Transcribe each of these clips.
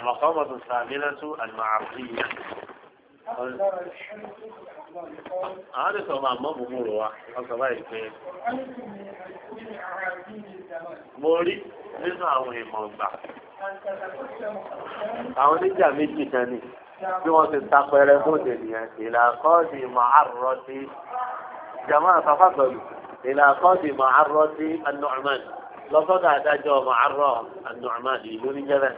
المقامة الثامنة المعرفية هذا هو ما بقول هو الصبايك موري nínú àwọn ìmọ̀ ọ̀gbà àwọn oníjà méjì kan ní bí wọ́n ti tapẹrẹ bóde nìyẹn ìlàkọ́ọ̀dì màárọ̀tì jama àfàfàgbọ̀lù ìlàkọ́ọ̀dì màárọ̀tì anọ́ọ̀mán lọ́sọ́dọ̀ adájọ́ màárọ̀ anọ́ọ̀mán ìlú níjẹ́rẹ́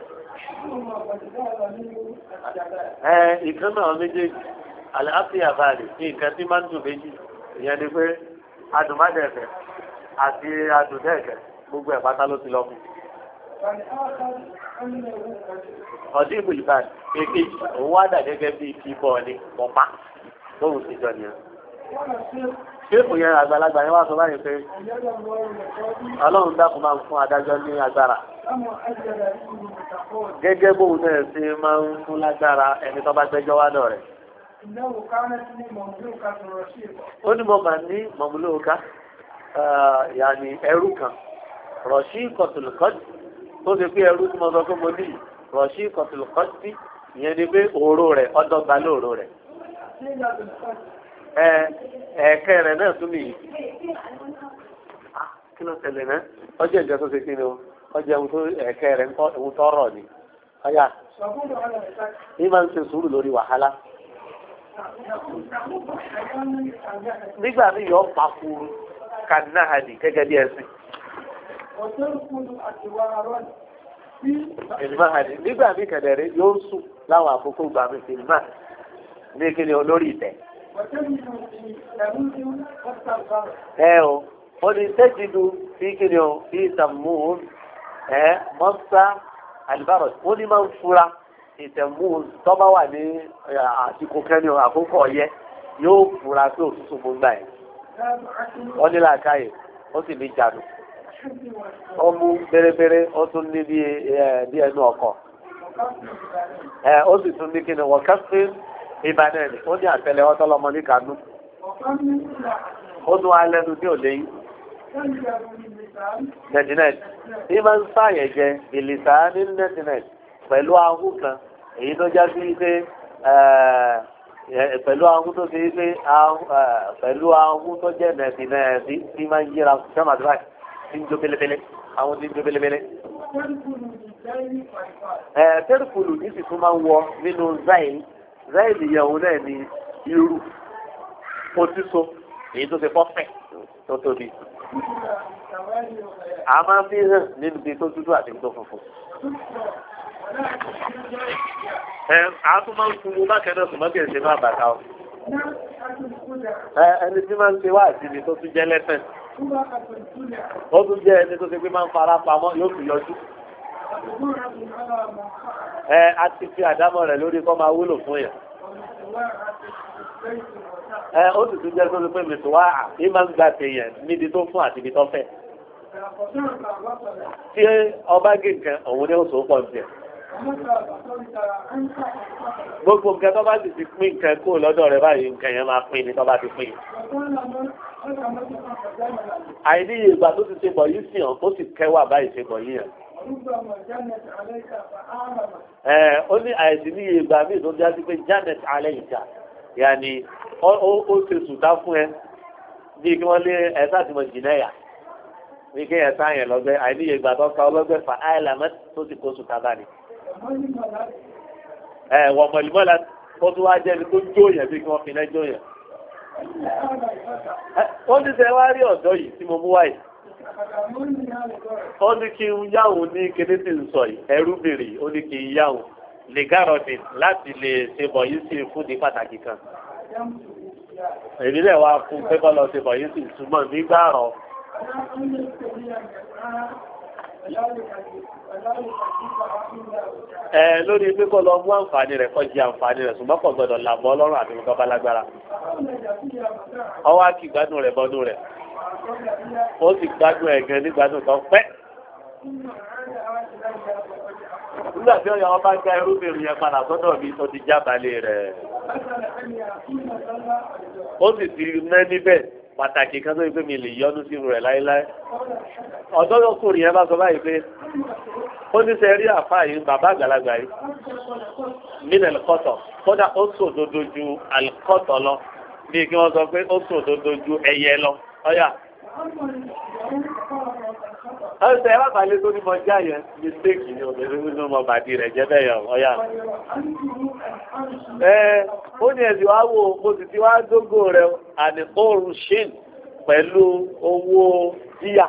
ẹ ìkan náà méjèèjì àlàáfíà balẹ̀ ní nǹkan tí máa ń dùn méjì ìyẹn ni pé adùnmádẹ̀ẹ̀fẹ̀ àti adùndẹ̀ẹ̀kẹ̀ gbogbo ẹ̀ pátá ló ti lọ fún un ọdún ìbò ìbáyìí kéèké òun wá dà gẹ́gẹ́ bíi kíbọ̀ ni pọ̀pá lóhùn síjọ nìyẹn ṣéèkù yẹn àgbàlagbà yẹn wá sọ báyìí pé ọlọ́run dákun máa ń fún adájọ́ ní agbára gẹ́gẹ́ bóun náà ṣe máa ń fún lágbára ẹni tó bá gbẹ́jọ́ wá dọ̀ rẹ̀. ó ní mo mà ní mọ̀múlòkà yàní ẹrú kan rọ̀ṣí kọ̀tùlùkọ́tì tó ṣe pé ẹrú tí mo sọ pé mo ní rọ̀ṣí kọ̀tùlùkọ́tì ìyẹn ni pé òórò rẹ̀ ọdọ́gba lóòrò rẹ̀. ẹ̀ẹ̀kẹ́ rẹ̀ náà tún nìyí. Ah, kí ló tẹ̀lé náà ọjọ́ ìjọ tó ṣe kí ni ọjọ́ ewu tó ẹ̀ẹ̀kẹ́ rẹ̀ ń kọ́ ewu ni. ní máa ń ṣe sùúrù lórí wàhálà. nígbà yọ gẹ́gẹ́ bí ẹ̀sìn. yóò sùn láwọn ẹ o wọ́n ní sẹ́jìdù fi kíni o fi sàmúhùn ẹ mọ́sá àlùbárọ̀ wọ́n ní máa ń fura ìtẹ̀mú tọ́ba wà ní àsìkò kẹ́ni àkókò ọ̀yẹ́ yóò fura sí òtútù mú gbà yẹn. wọ́n ní làákàyè ó sì ní jàdù. ó mú bérebére ó tún ní bí ẹnu ọkọ̀. ó sì tún ní kíni kẹ́sìn ìbàdàn ni ó ní àtẹlẹ ọtọ lọmọ ní kanú ó tún wá lẹ́nu ní òde yìí nẹtinẹt ìmọ̀ ń sáyẹ̀ jẹ ìlìsà ní nẹtinẹt pẹ̀lú ahun kan èyí tó já sí pé pẹ̀lú ahun tó ṣe pé pẹ̀lú ahun tó jẹ́ nẹtinẹti tí máa ń yíra sẹ́mà tó báyìí tí ń jó pélépélé àwọn tí ń jó pélépélé. tẹ́rìkùlù ní sì tún máa ń wọ nínú zayin zaili yẹn òun náà ni irú mo ti so èyí tó ṣe pọ́fẹ̀ tó tóbi a máa fi hàn nínú ibi tó dúdú àti ibi tó funfun. ẹ a tún máa ń sunmu bákẹ́ náà sùnmọ́ kìí ṣe máa bàtà o. ẹni tí máa ń ṣe wá àti ibi tó tún jẹ́ lẹ́sẹ̀. ó tún jẹ́ ẹni tó ṣe pé máa ń fara pamọ́ yóò fi yọjú ẹ a ti fi àdámọ̀ rẹ̀ lórí kọ́ máa wúlò fún yẹn ẹ ó sì tún jẹ́ tó pé mi tó wá à ní máa ń gba tèèyàn níbi tó fún àti ibi tó fẹ́ tí ọba gé nǹkan òun ni ó sọ pọ̀ jẹ gbogbo nǹkan tó bá sì ti pín nǹkan kó lọ́dọ̀ rẹ báyìí nǹkan yẹn máa pín ni tó bá ti pín àìníye ìgbà tó ti ṣe bọ̀ yìí sì hàn ó sì kẹwàá báyìí ṣe bọ̀ yìí hàn ó ní àìsí ní ìgbà míì tó dájú pé janet alẹ́yìnká yàní ó ṣe sùtá fún ẹ bí kí wọ́n lé ẹ̀sà tí mo jìnnà yà ní kí ẹ̀sà yẹn lọ́gbẹ́ àìníye ìgbà tó ka ọlọ́gbẹ́ fà áìlà mẹ́ta tó ti kó sùtá bá ní. ẹ wọ́n mọ̀lìmọ́lá tó tún wá jẹ́ ni tó jó yẹn bí kí wọ́n fi náà jó yẹn. ó ti sẹ́ ọ̀dọ́ yìí tí mo mú wáyìí. ó ní kí n yáwò ní kété tí ń sọ ẹrú bèrè ó ní kí n yáwò lè láti lè ṣe sí pàtàkì kan èmi náà fún pé lọ ṣe sí ìtumọ̀ nígbà rọ̀ ẹ lórí lọ mú àǹfààní rẹ̀ àǹfààní rẹ̀ ṣùgbọ́n làbọ́ ọlọ́run àti ó sì gbádùn ẹ̀gẹ́ nígbàdùn tó pẹ́. nígbà tí ọ̀yà ọba gba irúbìnrin yẹn padà sọ́dọ̀ mi ó ti jábàálẹ̀ rẹ̀. ó sì ti mẹ́ níbẹ̀ pàtàkì kan tó yẹ pé mi lè yọnu sí rẹ̀ láéláé. ọ̀dọ́ ọkùnrin yẹn bá sọ báyìí pé ó ní sẹ́ rí àfáà yìí bàbá àgbàlagbà yìí nílẹ̀ lẹ́kọ̀tọ̀ kódà ó sòdodo ju àlùkọ́tọ̀ lọ bí kí wọ́n sọ pé ó sòdodo ju ẹyẹ lọ. ọya ọ̀sẹ̀ wà tó ní mọjá yẹn mistake ni obìnrin nínú ọmọ bàdí rẹ̀ jẹ́ bẹ́ẹ̀ yẹn ó ní ẹ̀sìn wá wo mo sì ti wá pẹ̀lú owó díyà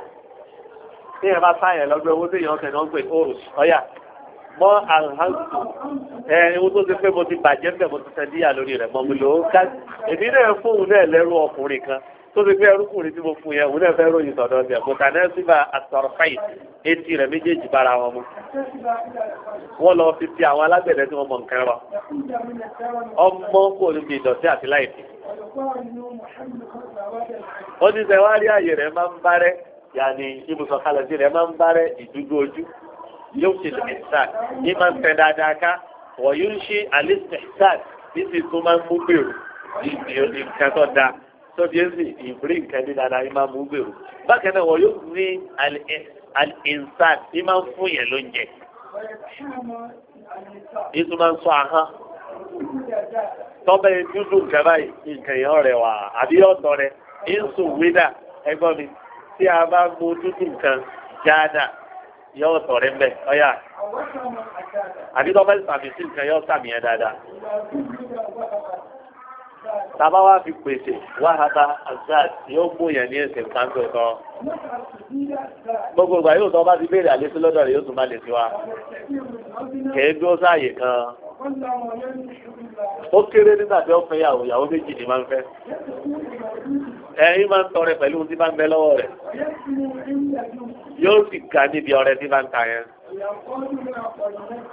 bá lọ́gbẹ́ owó náà ń pè oòrùn mọ́ àhánsù ewu tó ti pé mo ti bàjẹ́ bẹ̀ mo ti lórí rẹ̀ mọ́ mi lò ó ká èmi náà fóun tó ti pé ẹrúkùnrin tí mo fún yẹn òun náà fẹ́ ròyìn sọ̀dọ̀ ọ̀sẹ̀ bùtà náà síbà àtọ̀rọ̀fáì etí rẹ̀ méjèèjì bára wọn mu. wọ́n lọ fi fi àwọn alágbẹ̀dẹ tí wọ́n mọ̀ nǹkan rọ. ọmọ kò ní bí ìdọ̀tí àti láìpẹ́. ó ní sẹ́ wá rí àyè rẹ̀ máa ń bárẹ́ yàní ibùsọ̀ kalẹ̀ sí rẹ̀ máa ń bárẹ́ ìdúgbò ojú yóò ṣe lè sàn ní máa ń sọ́bíẹ́sì ìfúrí nǹkan ní dáadáa yìí máa mú gbèrú bákan náà wọ́n yóò ní al-insan yìí máa ń fún yẹn lóúnjẹ yìí tún máa ń sọ ahọ́n tọ́bẹ̀ dúdú nǹkan báyìí nǹkan yẹn rẹ̀ wá àbí ọ̀tọ̀ rẹ̀ ìsùn wídà ẹgbọ́n mi tí a bá mú dúdú nǹkan jáàdà yóò tọ̀ rẹ̀ mbẹ́ ọ̀yà àbí tọ́bẹ̀ sàmì sí nǹkan yóò sàmì yẹn dáadáa tàbá wá fi pèsè wáhata azad yóò gbóyàn ní ẹsẹ̀ káńtó kan gbogbo ìgbà yóò tọ́ bá ti béèrè àlésí lọ́dọ̀ rẹ̀ yóò tún má lè fi wá kèé dúró sáàyè kan ó kéré nígbà tí ó fẹ́ yàwó yàwó méjì ni máa ń fẹ́ ẹ̀yin máa ń tọrẹ pẹ̀lú ohun tí bá ń bẹ lọ́wọ́ rẹ̀ yóò sì ga níbi ọrẹ tí bá ń ta yẹn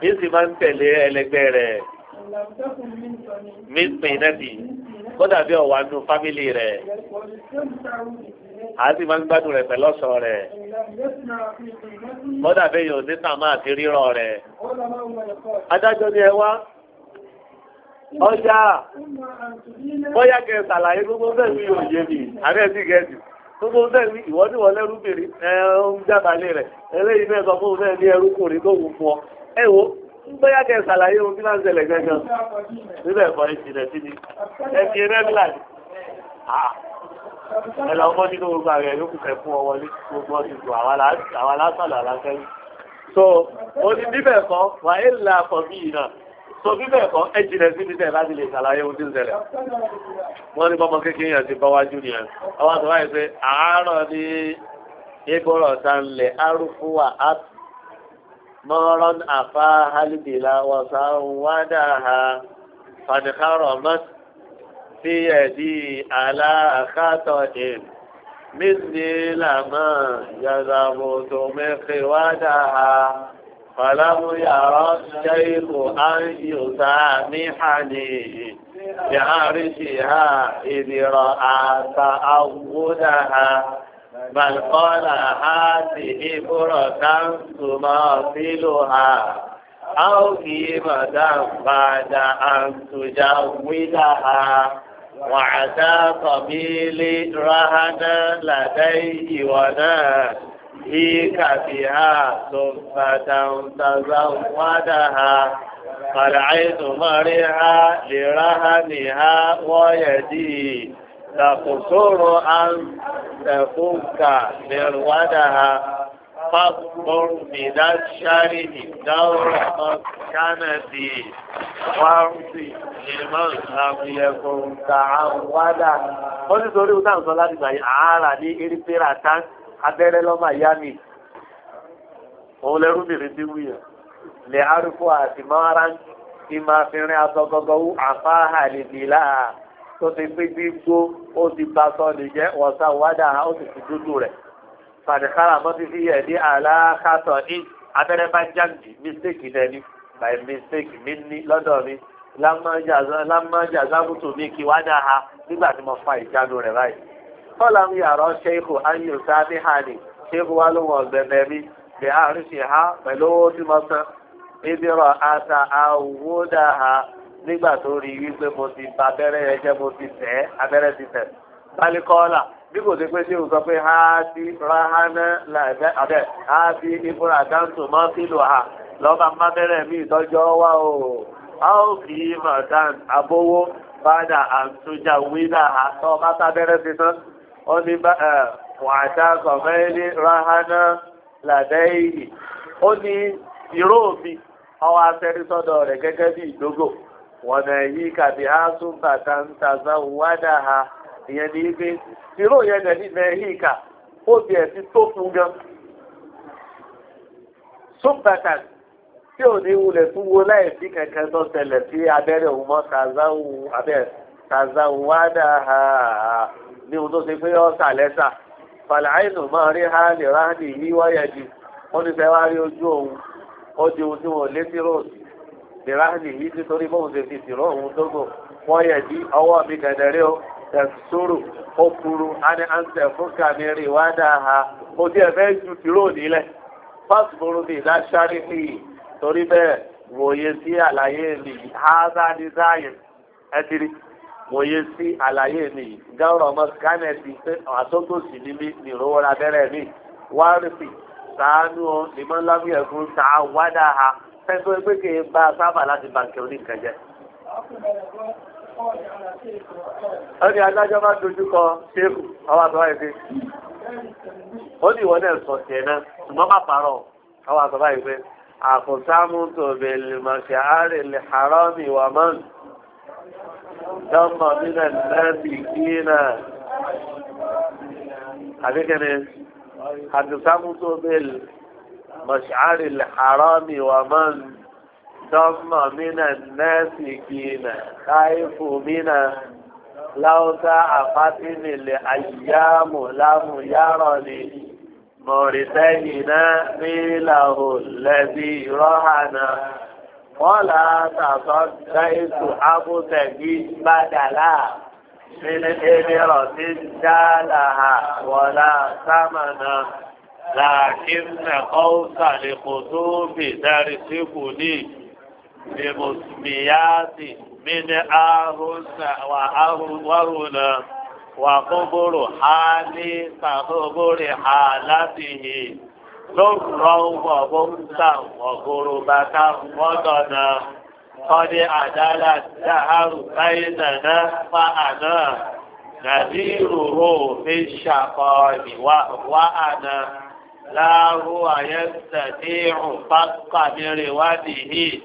yóò sì máa ń tẹ̀lé ẹlẹgbẹ́ rẹ̀ mí pin náà kódà bi ọ̀wà nù fámìlì rẹ̀ àti máa ń gbádùn rẹ̀ pẹ̀lú ọ̀ṣọ́ rẹ̀ kódà bí yóò ní tàmá àti rírọ̀ rẹ̀ adájọ́ ni ẹ wá ọjà bóyá kẹ gbogbo bẹ́ẹ̀ ní mi sí gẹ̀ẹ́sì gbogbo bẹ́ẹ̀ ní ní wọlé rúbìnrin ẹ̀ ń rẹ̀ eléyìí fún bẹ́ẹ̀ ní tó wù fún ọ bóyá kẹ́ ṣàlàyé ohun tí máa ń ṣẹlẹ̀ gẹ́gẹ́ níbẹ̀ ẹ̀fọ́ ìṣẹ̀lẹ̀ sí ni ẹ̀fì rẹ́gílà ni ẹ lọ fọ́ nínú gbogbo ààrẹ yóò kù fẹ́ fún ọ wọlé gbogbo ọdún tó àwa lásán là lákẹ́yìn. so o ní bíbẹ̀ kọ́ wà á là kọ́ bí iná so bíbẹ̀ kọ́ ẹ jìnà sí mi mọ́rán àfá hálìbìlà wọ̀sá wádàá fàdìkárọ̀ mọ́t sí ẹ̀dí aláàkátọ̀ ìm mísìlì làmọ́ yàzàbò tó mẹ́fẹ́ wádàá fàlámù yàrá ṣẹ́yìnkù áńyùsá níhàní yàrá ṣìhà ìdìrọ̀ àtàwùdàá bàlùkọ́là á sì ní búrọ̀ táǹtù máa sílò ha a ó kì í màdá padà àǹtùjà wílà ha wàdà kọ̀mílì ráhánà làdáyé wọ̀nà ìkà fi ha tó padà ń tàzà wádà ha. فرعين مرها لرهنها ويديه làkòtòrò à ń tẹ̀fúnkà lẹ́rùwádàá fáfúrú bìdá sáré ìdáwọ̀rọ̀ kánàdì wárúsì ìmọ̀ àbúyẹ̀kùn tààwádà. wọ́n ti torí ọ̀tá nǹkan láti gbà yí àárà ní erípẹ́rà tán abẹ́rẹ́ lọ́mà yá mi. òun lẹ́rú bìrì ti wúyà lè arúgbó àti mọ́ra ti máa fi rin aṣọ gọ́gọ́ wú tó ti pé gbígbó ó ti ba sọ́ọ̀lì jẹ́ wọ̀sá wádà ó sì ti dúdú rẹ̀ fàdíkàrà mọ́ ti fi yẹ̀ ní àlàkàtọ̀ ní abẹ́rẹ́ bá jáǹdì mistake nẹni by mistake mi ní lọ́dọ̀ mi lámájà zábùtù mi kí wádà ha nígbà tí mo fa ìjánu rẹ̀ báyìí. kọ́lá mi yàrá ṣéèkù ayé sábì hàní ṣéèkù wá ló wọ̀n gbẹ̀mẹ̀ mi bí àárín ṣe ha pẹ̀lú owó tí mo san. ibi rọ̀ àtà àwòdà ha nígbà tó rí wípé mo ti ba abẹ́rẹ́ yẹn jẹ́ mo ti tẹ̀ ẹ́ abẹ́rẹ́ ti tẹ̀ bálí kọ́ọ́là bí kò sí pé ṣé o sọ pé ha ti rahana làbẹ́ abẹ́ ha ti ibùra dáńtò mọ́ ha lọ́ba mábẹ́rẹ́ mi ìtọ́jọ́ wá o a ó kì í mọ̀ bada àtúnjà wíńdà ha tọ́ bá sábẹ́rẹ́ ti tán ó ní bá ẹ̀ wàdà gọ̀mẹ́lì rahana làbẹ́ yìí ó ní ìró òbí ọwọ́ afẹ́rí sọ́dọ̀ rẹ̀ gẹ́gẹ́ wọ̀nà yìí kàbí áásùn bàtà ń tàzá wádà ha ìyẹn ní pé irú yẹn nẹ̀ nílẹ̀ yìí kà ó ti ẹ̀ ti tó fún gan. sùpàtà tí ò ní wulẹ̀ tún wo láì sí kankan tó ṣẹlẹ̀ sí abẹ́rẹ́ òun mọ́ tàzá wádà ha ní ohun tó ṣe pé ọ̀sà lẹ́sà fàlàáìnù máa rí ha ráhánì yí wáyà jù wọ́n ní fẹ́ wá rí ojú òun ó di ohun tí wọ́n lé sí ròsì ìráhìnì yìí nítorí bóun ṣe fi sìrọ̀ òun dógò wọ́n yẹ̀ di ọwọ́ mi gẹ̀dẹ̀rẹ́ o tẹ̀sùrù ó kuru ani àǹtẹ̀ fún kàmírì wá dáa ha mo ti ẹ̀fẹ́ ju tìró nílẹ̀ fásitì mi láṣárí fi torí bẹ́ẹ̀ wòye sí àlàyé mi yìí háza ní sáyẹn ẹ ti rí wòye sí àlàyé mi yìí gáwọ́rọ̀ ọmọ kánẹ́ẹ̀tì pé àtọ́gbòsì ni mí ní ìrówó abẹ́rẹ́ mi wárìfì sàánú ìmọ̀lábíyẹ̀kú sàá wádàá ha fẹ́ntọ́ ẹgbẹ́ kì í bá a sábà láti bàǹkì orí nǹkan jẹ. ọ̀nì adájọ́ bá dojú kọ ṣéèkù àwọn àtọ́wá yìí pé ó ní ìwọ náà sọ tiẹ̀ náà ṣùgbọ́n má parọ́ àwọn àtọ́wá yìí àkùnsámú tòbí lèmọ̀ṣẹ́ àárẹ̀ lè harámì wà mọ́n dánmọ̀ nínú ẹ̀ẹ́dì kí náà àbíkẹ́ni àkùnsámú tòbí lèmọ̀ṣẹ́ مشعر الحرام ومن ضم من الناس الناسكين خايف من لو تعفتني الأيام لم يرني مرتهنا ميله الذي رهنا ولا تصديت أبتغي بدلا من إمرة جالها ولا ثمنا لكن قوس لقطوب درسكني بمسميات من أهل وأهل وقبر حالي كقبر حالته ضرا وبؤسا وغربة وضنا قد عدل الدهر بيننا فأنا نذيره في الشقاء وأنا láàrú àyẹ̀sẹ̀dé òpápá mìíràn wádìí yìí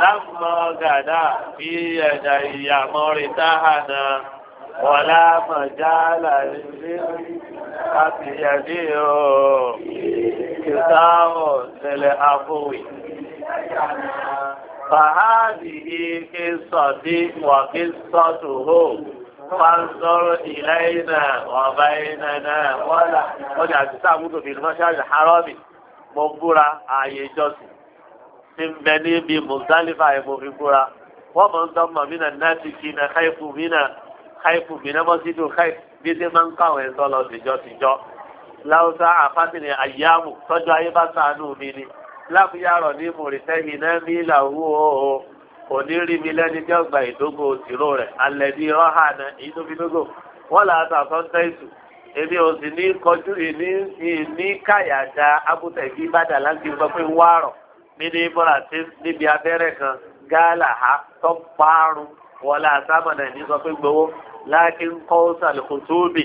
lámọ gàdá bí ẹ̀dà ìyàmọ́ rẹ̀ táhànà wọ̀lá mọ̀jálà lè àbìyàdé ọ̀ kìtàwọ̀ tẹ̀lẹ̀ àbúwì. فهذه قصتي وقصته فانظر إلينا وبيننا ولا ولا تسامد في المشهد الحرامي مبورا آية جوسي تنبني بمزدلفة مبورا ومن ضم من الناس كنا خيف منا خيف منا مسجد الخيف بذي من قوي صلى جوسي جو لو ساعة فاتني أيام تجوا أيبا سانو مني لا بيارو نيمو لتهينا ميلا هو kò ní rí mi lẹ́ni tí ó gba ìdógó tìró rẹ̀ alẹ́ ní rọ́hánà èyí tó fi dógó wọ́n là á ta sọ́ńtẹ́ẹ̀sì èmi ò sì ní kọjú ìní ìní káyàjà abútẹ̀gí bàdà láti gbọ́ pé wárọ̀ mi ní bọ́lá tí níbi abẹ́rẹ́ kan gáàlà ha tó parun wọlé àtàmọ̀nà ìní sọ pé gbowó láàkín kọ́ sàlùkùtùbì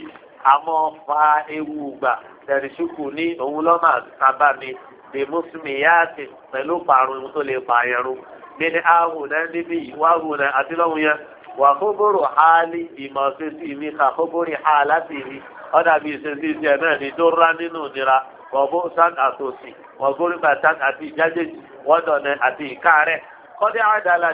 àmọ́ fa ewu gbà tẹ̀rìṣùkù ní òun lọ́mà sábà mi bí mùsùlùmí yá ti pẹ̀lú parun ìmú tó lè pààyàn rú bí ní ahùn náà níbí ìwáhùn náà àti lọ́hùn yẹn wà kóbóró hali ìmọ̀ ṣe sí mi kà kóbóró ha láti rí ọ̀dà bíi ṣe sí ìṣẹ́ náà ní tó rá nínú ìnira wọ́n bó sáà àtòsí wọ́n gbórí bàtà àti ìjájèjì wọ́n dọ̀nà àti ìkáàrẹ̀ kọ́dé àdàlà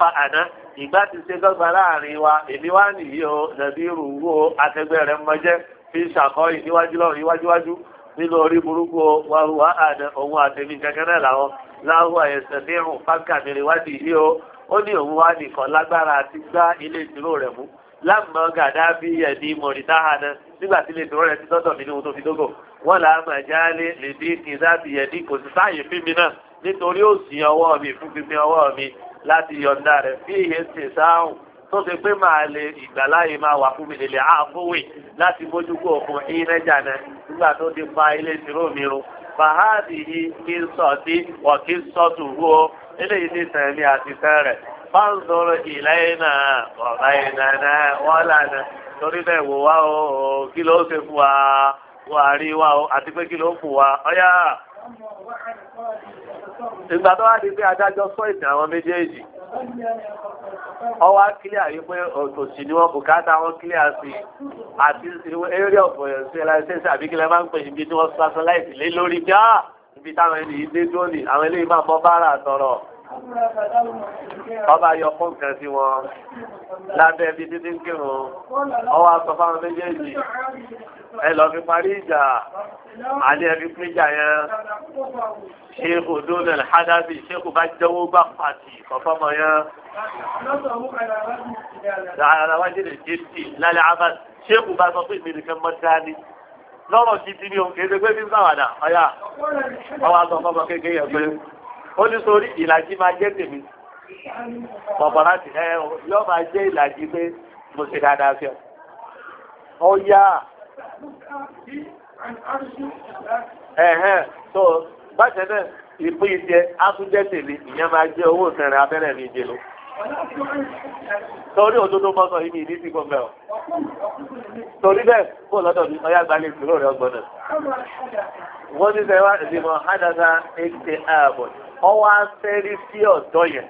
fa àná ìgbà tí ṣe láàrin wa èmi wá nìyí o nàbí rúwó akẹgbẹ́ rẹ̀ mọ́jẹ́ fi ṣàkọ́ ìníwájú lọ́rùn iwájúwájú nínú orí burúkú wàhùwà àdẹ òun àtẹ̀mí kankan náà làwọn láhùwà ẹ̀sẹ̀ ní ìhùn pákà mìíràn wádìí yìí o ó ní òun wá nìkan lágbára àti gbá ilé ìdúró rẹ̀ mú láàmú gàdábí ẹ̀dí mọ̀rìdáhàná nígbà tí ilé ìdúró rẹ̀ ti dọ́dọ̀ mi ní ohun tó fi dógò wọ́n là á mà jáálé lè dín kìzáàbì ẹ̀dí kò sí sáàyè fún mi náà nítorí òsì ọwọ́ mi fún fífi ọwọ́ mi láti yọ̀ǹda rẹ̀ fíìyè sì sáàhùn tó ti pé máa lè ìgbàláyé máa wà fún mi lè àfúwì láti bójú kó òkun ìrẹ́jà nígbà tó ti fa ilé ìṣirò mi fàhádì yìí kí n sọ sí ọ̀kí sọ́tù eléyìí ní wọ́n lànà torí bẹ́ẹ̀ wò kí ló ṣe fún wa wà rí wa o àti pé kí ló fún wa ọ̀yá. ìgbà tó wá di pé adájọ́ sọ ìtàn ọwọ́ kílíà yìí pé òtòsí ni wọ́n bùkátà wọn kílíà sí àti eré ọ̀pọ̀ ẹ̀sẹ̀láìsẹ̀sẹ̀ àbí kílẹ̀ máa ń pè níbi tí wọ́n sọ sọ láìsí lé lórí bí ah, ibi táwọn ẹni yìí dé dúró ní àwọn eléyìí máa fọ́ bára àtọ̀rọ̀ ọba yọ fún kan sí wọn lábẹ́ bí títí ń kírun ọwọ́ aṣọ fáwọn méjèèjì ẹ lọ fi parí ìjà àní ẹ fi pín ìjà yẹn ṣéèkù dónel hadabi ṣéèkù bá jẹ́wọ́ bá pàtì kọ̀fọ́mọ yẹn. Àrà wájú lè jẹ́ sí lálẹ́ abá ṣéèkù bá sọ pé mi nìkan mọ́ dání lọ́rọ̀ gidi ni òun kì í ṣe pé bí ń sáwàdà ọ̀yà ọwọ́ aṣọ fọ́mọ kékeré yẹn ó ní sórí ìlàjì máa jẹ́ tèmi bọ̀bọ̀ láti ẹ yọ máa jẹ́ ìlàjì pé mo ṣe dáadáa fi ọ yá ẹ̀hẹ́n tó báṣẹ náà ìpín ìṣe átúnjẹ tèmi ìyẹn máa jẹ́ owó ìsẹ̀rẹ̀ abẹ́rẹ́ mi jẹ́ lọ torí òdodo mọ́sàn yìí ní ìdí sí gbọ́mọ̀ ọ̀ torí bẹ́ẹ̀ kó lọ́dọ̀ bí ọyá gbalẹ̀ ìṣòro rẹ̀ ọgbọ́n náà wọ́n ti sẹ́wà ìdìmọ̀ hádàdà ètè ààbọ̀ ọwọ́ asẹ́rí sí ọ̀dọ́ yẹn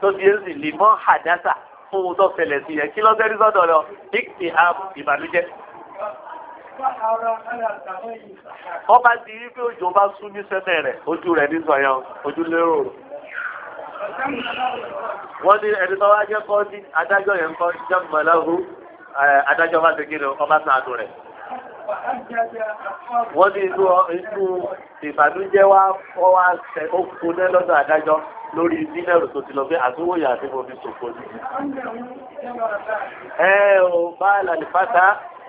tó ti ń sì lè mọ́ àdásà fún un tó fẹlẹ̀ sí yẹn kí lọ́sẹ̀ rí sọ́dọ̀ lọ ìkìtì ààbò ìbànújẹ́. wọ́n bá ti rí pé òjò bá sú ní sẹ́mẹ̀ rẹ̀ ojú rẹ̀ ní sọ̀yàn ojú lérò rò. wọ́n ní ẹni tó wá jẹ́ kọ́ adájọ́ yẹn kọ́ jẹ́ mọ̀láhù adájọ́ bá ti kí ni ọba sàn àtò rẹ̀ wọ́n ní inú inú ìbànújẹ́ wá fọ́ wá ṣe ó kuná lọ́dọ̀ adájọ́ lórí dínẹ́rù tó ti lọ pé àtúwòyè àti mo fi ṣòfò ní. ẹ ò bá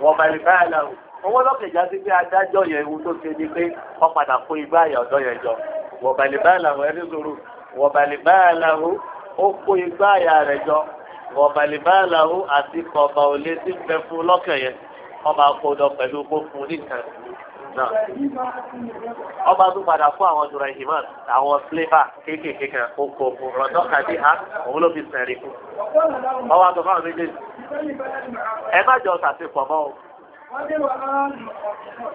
wọ́n bá lè báyà làwù. owó lọ́kẹ̀já sí pé adájọ́ yẹn ohun tó ṣe ni pé wọ́n padà kó igbá àyà ọ̀dọ́ yẹn jọ. wọ́n bá lè báyà làwù ẹni sòrò wọ́n bá lè báyà làwù ó kó igbá àyà rẹ̀ jọ. wọ́n bá lè báyà làwù àti kọ̀ọ̀bà òlé tí ń fún lọ́kẹ̀ yẹn ọba kódọ pẹ̀lú gbófun nìkan náà ọba tó padà fún àwọn dùrọ̀ ìhìmọ̀ àwọn flavour kéékèèké kan oko òkun rọ̀dọ́ kàdí ha òun ló fi sẹ̀rí fún ọwọ́ àtọ̀ fáwọn méjèèjì ẹ má jọ ṣàṣepọ̀ mọ́ o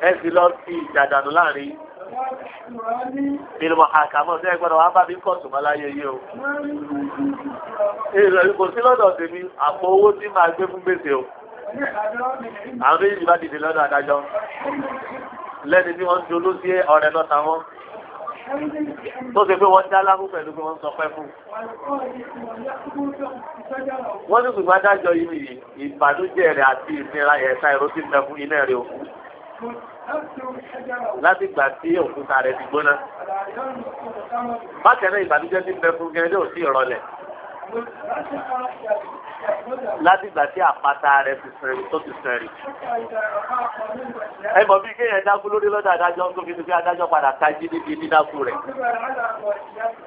ẹ sì lọ sí ìjàdànù láàrin ìlú àkàmọ́ sí ẹgbọ́dọ̀ wá bá bí kọ̀tù mọ́ láyé yìí o ìrọ̀lú kò sí lọ́dọ̀ tèmi àpò owó tí máa gbé fún gbèsè o àwọn méjì bá dìde lọ́dọ̀ adájọ́ lẹ́ni tí wọ́n ń joló sí ọ̀rẹ́ lọ́ta wọn tó ṣe pé wọ́n dá láhùn pẹ̀lú pé wọ́n sọ pẹ́ fún wọ́n ní ṣùgbọ́n adájọ́ yìí ìbànújẹ́ rẹ̀ àti ìnira ẹ̀ka ẹ̀rọ tí ń bẹ fún iná rẹ̀ òkú láti gbà tí òkúta rẹ̀ ti gbóná bákẹ́rẹ́ ìbànújẹ́ ti ń bẹ fún gẹ́gẹ́ òsì ìrọ̀lẹ̀ láti ìgbà tí àpáta rẹ̀ ti sẹ̀rì tó ti sẹ̀rì. ẹ mọ̀ bí kéèyàn dákú lórí lọ́dọ̀ adájọ́ tó fi ti fi adájọ́ padà tají níbi dídákú rẹ̀.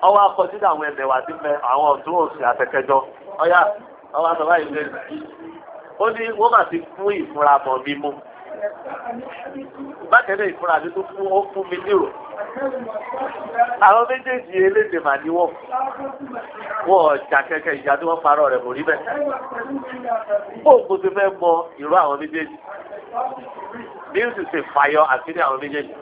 ọwọ́ akọsídà àwọn ẹ̀bẹ̀ wà sí mẹ́ àwọn ọ̀tún òsì àtẹ̀kẹjọ ọ̀yà ọwọ́ àtọ̀wá ìlú ó ní wọ́n mà ti fún ìfúnra mọ̀ mímú bákẹ́lẹ́ ìfúnra mi tó fún ó fún mi nírò àwọn méjèèjì elédè mà ní wọ́n wọ́n ọjà kẹ̀kẹ́ ìjà tí wọ́n parọ́ rẹ̀ kò rí bẹ́ẹ̀ bóòkù ti fẹ́ mọ ìró àwọn méjèèjì ní o sì ṣe fàyọ àṣírí àwọn méjèèjì.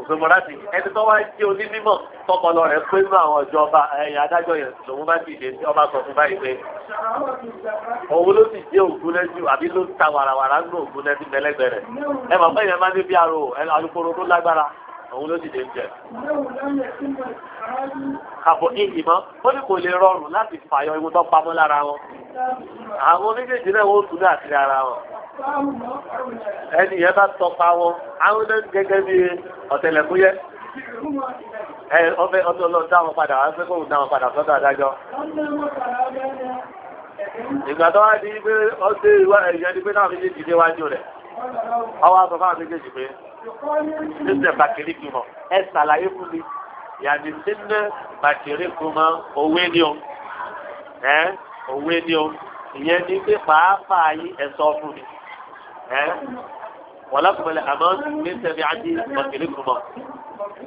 Òṣogbo láti ẹni tó wá jẹ́ onímọ̀ tọpọlọ rẹ̀ pé nínú àwọn ọjọ́ ọba ẹ̀yìn adájọ́ yẹn lòun bá dìde tí ọba sọ fún báyìí pé òun ló sì jẹ́ ògùn lẹ́jù àbí ló ta wàràwàrà nínú ògùn lẹ́jù mẹ́lẹ́gbẹ̀ẹ́ rẹ̀. Ẹ mọ̀ pé ìyẹn máa ní bí aró alukoro tó lágbára òun ló dìde ń jẹ. Àbọ̀ ìhì mọ́, ó ní kò lè rọrùn láti fàyọ ewu tó pamọ́ lára wọn. Àwọn méjèèjì náà wọ́n tún ní àṣírí ara wọn ẹni yẹn bá tọpa wọn àwọn náà gẹ́gẹ́ bí ọ̀tẹlẹ̀kúyẹ́ ẹ ọfẹ ọdún ọlọ́run dáwọn padà wá fẹ́ kóhùn dáwọn padà sọ́dọ̀ adájọ́ ìgbà tó wá di pé ọdún ìwà ẹ̀yẹ́ ni pé náà méjèèjì déwájú rẹ̀ ọwọ́ àtọ́ fáwọn méjèèjì pé ṣíṣe bàkìrí gbìmọ̀ ẹ ṣàlàyé fún mi yàtì sínú bàkìrí gbìmọ̀ òwe ni o ẹ òwe ni o ìyẹn ni pé pàápàá yìí ẹ fún mi wọ́n lákùnrinlẹ̀ ní sẹ́mi àti mọ̀kìlì kùmọ̀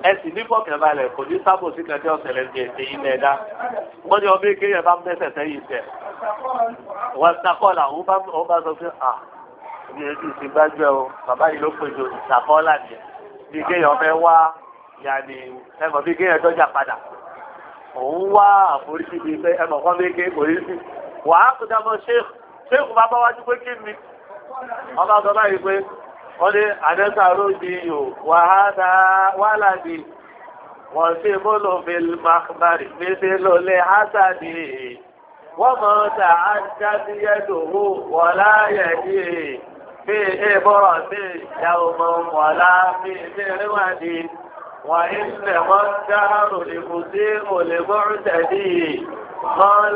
ẹ sì ní fọkànbalẹ̀ kò ní sábò sí kẹjọ ọ̀sẹ̀lẹ̀ ní ẹ̀sẹ̀ yìí lẹ̀ dá wọ́n ọmọ èké bá ń bẹ́sẹ̀ sẹ́yìn tẹ̀ wọ́n sàkọ́là òun bá sọ pé à ní ẹbí ti bá jẹ́ o bàbá yìí ló pèjọ ìsàkọ́là ni bí kéèyàn fẹ́ wá yàní ẹmọ bí kéèyàn dọ́jà padà òun wá àforíṣi bíi pé ẹmọ kan bí kéèyàn kò wàá kó dámọ̀ ṣéèkù bá bá wájú pé kí ni ọba sọ báyìí pé wọ́n ní àdẹ́sàrò di yò wàhálà wàhálà di wọ́n sì múlò bílmàkbárì méjì lólè hásàdì wọ́n mọ̀ ta àjásíyẹ́dòwò wọ́n láyẹ̀ yìí bí ìbọ̀rọ̀ sí ìyàwó mọ̀ wọ́n bí ìrìnwádìí. وإنما الدهر لمسيء لمعتدي قال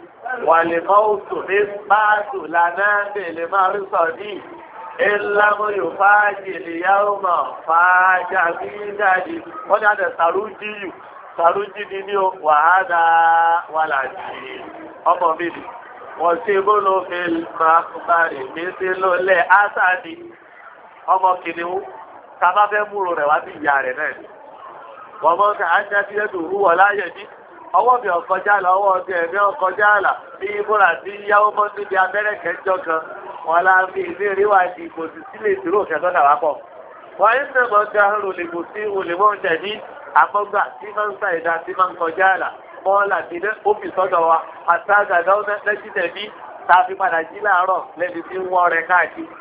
wàlìmọ́ọ̀tù ní páàtù lànà bèlè máa rí sọ̀dí ìlàmúyò fàájì ìyáwó máa fàájì àbíjáde wọ́n ní àdẹ̀ sàrújì yù sàrújì ni ní wàhálà wàlàjì ọmọ mi ni wọ́n ṣe bólú ìlmàkùbárì mi sí lólẹ̀ ásàdì ọmọ kìnìún tàbá fẹ́ múrò rẹ̀ wá sí ìyá rẹ̀ náà wọ́n mọ́ ká ájá sí ẹ̀dùn rúwọ̀ láyẹ̀ jí ọwọ́ mi ọ̀kọjá là ọwọ́ ọdún ẹ̀mí ọ̀kọjá là bí ibúra sí yáwó mọ́ níbi abẹ́rẹ́ kẹjọ kan wọn la fi ìlú ìríwá di kò sì sí lè dúró kẹtọ́ dàwá pọ̀. wọ́n yín náà mọ̀ ga olùkò sí olùmọ̀ ọ̀jẹ̀ àfọ́gbà tí máa ń sa tí máa ń kọjá là mọ́ọ́lá ti lé òbí sọ́dọ̀ wa àtàgà lẹ́jìnlẹ̀ bí tá a fi padà jí láàárọ̀ lẹ́bi tí ń wọ́ ọrẹ káàkiri.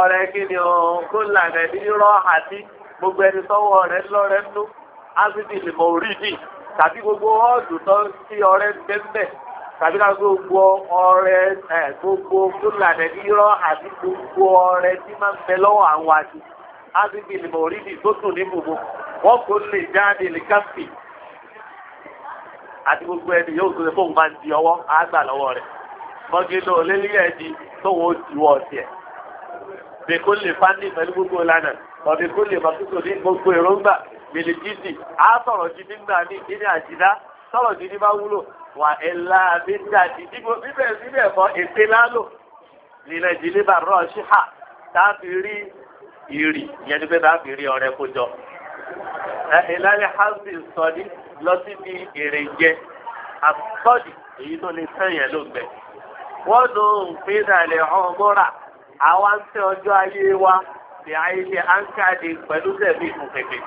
ọrẹ kí ni òun kó lànà ní rọ́ àti gbogbo ẹni tọ́wọ́ rẹ̀ lọ́rẹ́ nú ásídìlì mọ̀ orí dì tàbí gbogbo ọ́ọ̀dù tó ń sí ọrẹ bẹ́ẹ̀ tàbí ká gbogbo ọrẹ gbogbo fúlàní irọ́ àti gbogbo ọrẹ tí máa ń bẹ lọ́wọ́ àwọn àti ábíbí ni mòrídì tó tún ní gbogbo wọn kò lè jáde lè káfí àti gbogbo ẹni yóò tó lè fóun máa ń di ọwọ́ àgbà lọ́wọ́ rẹ̀ mọ́gídó olélíyà ẹni tóun ó diwọ́ tiẹ̀ bẹ́ẹ̀ kó lè fáńdì pẹ̀lú gbogbo ìlànà ọ̀bẹ kó lè mọ̀ bìlìkìsì á sọ̀rọ̀ gidi gbà ní ìdílé àjìdá sọ̀rọ̀ gidi bá wúlò wà ẹ̀ la mi dàdí dígbò bíbẹ̀ bíbẹ̀ kọ́ ète lálò nílẹ̀ ìdílé bá rọ̀ ṣí hà táàfi rí ìrì ìyẹn ni pé táàfi rí ọrẹ kó jọ. ìlànà hansi sọdí lọ síbi èrè jẹ àtọ́dì èyí tó lè sẹ́yìn lóògbé. wọ́n lò ń pín ìdàlẹ̀ ọ̀hún mọ́ra tẹ ọjọ́ ayé wa ní àyè ṣe àǹkàdé pẹ̀lú tẹ̀mí ìfúnpẹ̀pẹ̀.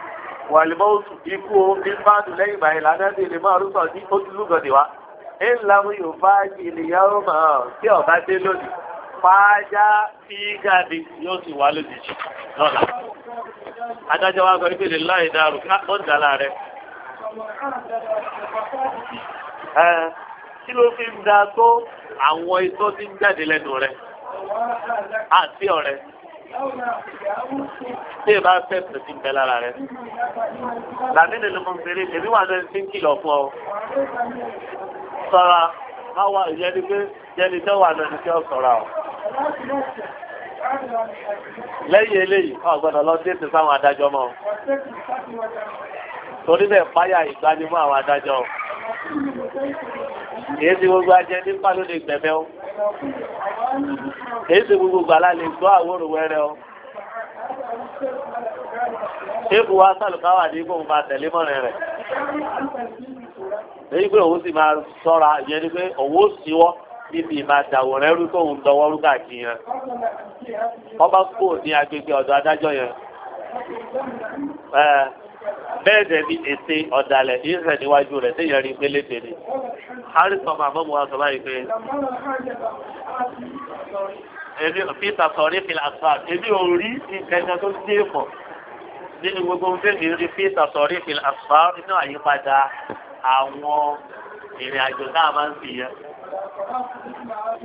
wàlìmọ́ọ̀tù ikú o bí fáàdù lẹ́yìn ìgbà yìí lánàá máa rúkọ̀ ní ojúlú gọ̀dì wa. ń yóò bá jìnnì yàrá tí ọ̀gá dé lónìí fàájá fígàdì yóò sì wá lójijì lọ́la. adájọ́ wa láì ká ó dà láàrẹ. kí ló fi ń da tó àwọn iṣọ́ tí ń tí ì bá fẹ́ pèsè ìbẹ́ lára rẹ̀ làmínú ló mọ̀ fèrè èmi wà lẹ́nu tí ń kìlọ̀ fún ọ sọ́ra má wà ìyẹni pé jẹni tó wà lẹ́nu tí ó sọ́ra ọ. lẹ́yìn eléyìí ọ̀ gbọ́dọ̀ lọ sí ètò sáwọn adájọ́ mọ́ torí bẹ́ẹ̀ fáyà ìgbanimọ́ àwọn adájọ́ èyí ti gbogbo ajẹ nípa ló lè gbẹ̀mẹ́ o èyí ti gbogbo gbàlá lè gbọ́ àwòrò wẹ́rẹ́ o ṣéèkù wa sàlùkáwà ní kóun máa tẹ̀lé mọ́rin rẹ̀ èyí pé òun sì máa sọ́ra ìyẹn ni pé òun ó síwọ́ níbi ìmàdàwọ̀ rẹ̀ rú tóun dọwọ́ rú káàkiri yẹn ọba kò ní agbègbè ọ̀dọ̀ adájọ́ yẹn bẹ́ẹ̀ dẹ̀ ni ète ọ̀dàlẹ̀ ìhẹ̀ níwájú rẹ̀ tí yẹn rí pélé tèmi harrison mahmoud wa sọ báyìí pé èmi peter sọrí fi làṣà èmi ò rí ìkẹjọ tó dé pọ̀ nínú gbogbo fíìmù rí peter sọrí fi làṣà nínú àyípadà àwọn ìrìn àjò náà máa ń fi yẹn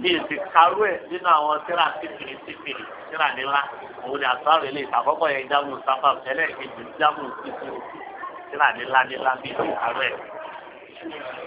bí èsì karú ẹ nínú àwọn tíra sífìrì sífìrì tíra nílá òun ni àtúrà rẹ lè ṣàkọ́kọ́ yẹn jámù sáfà tẹ́lẹ̀ kejì jámù sífìrì tíra nílá nílá bí àárẹ̀.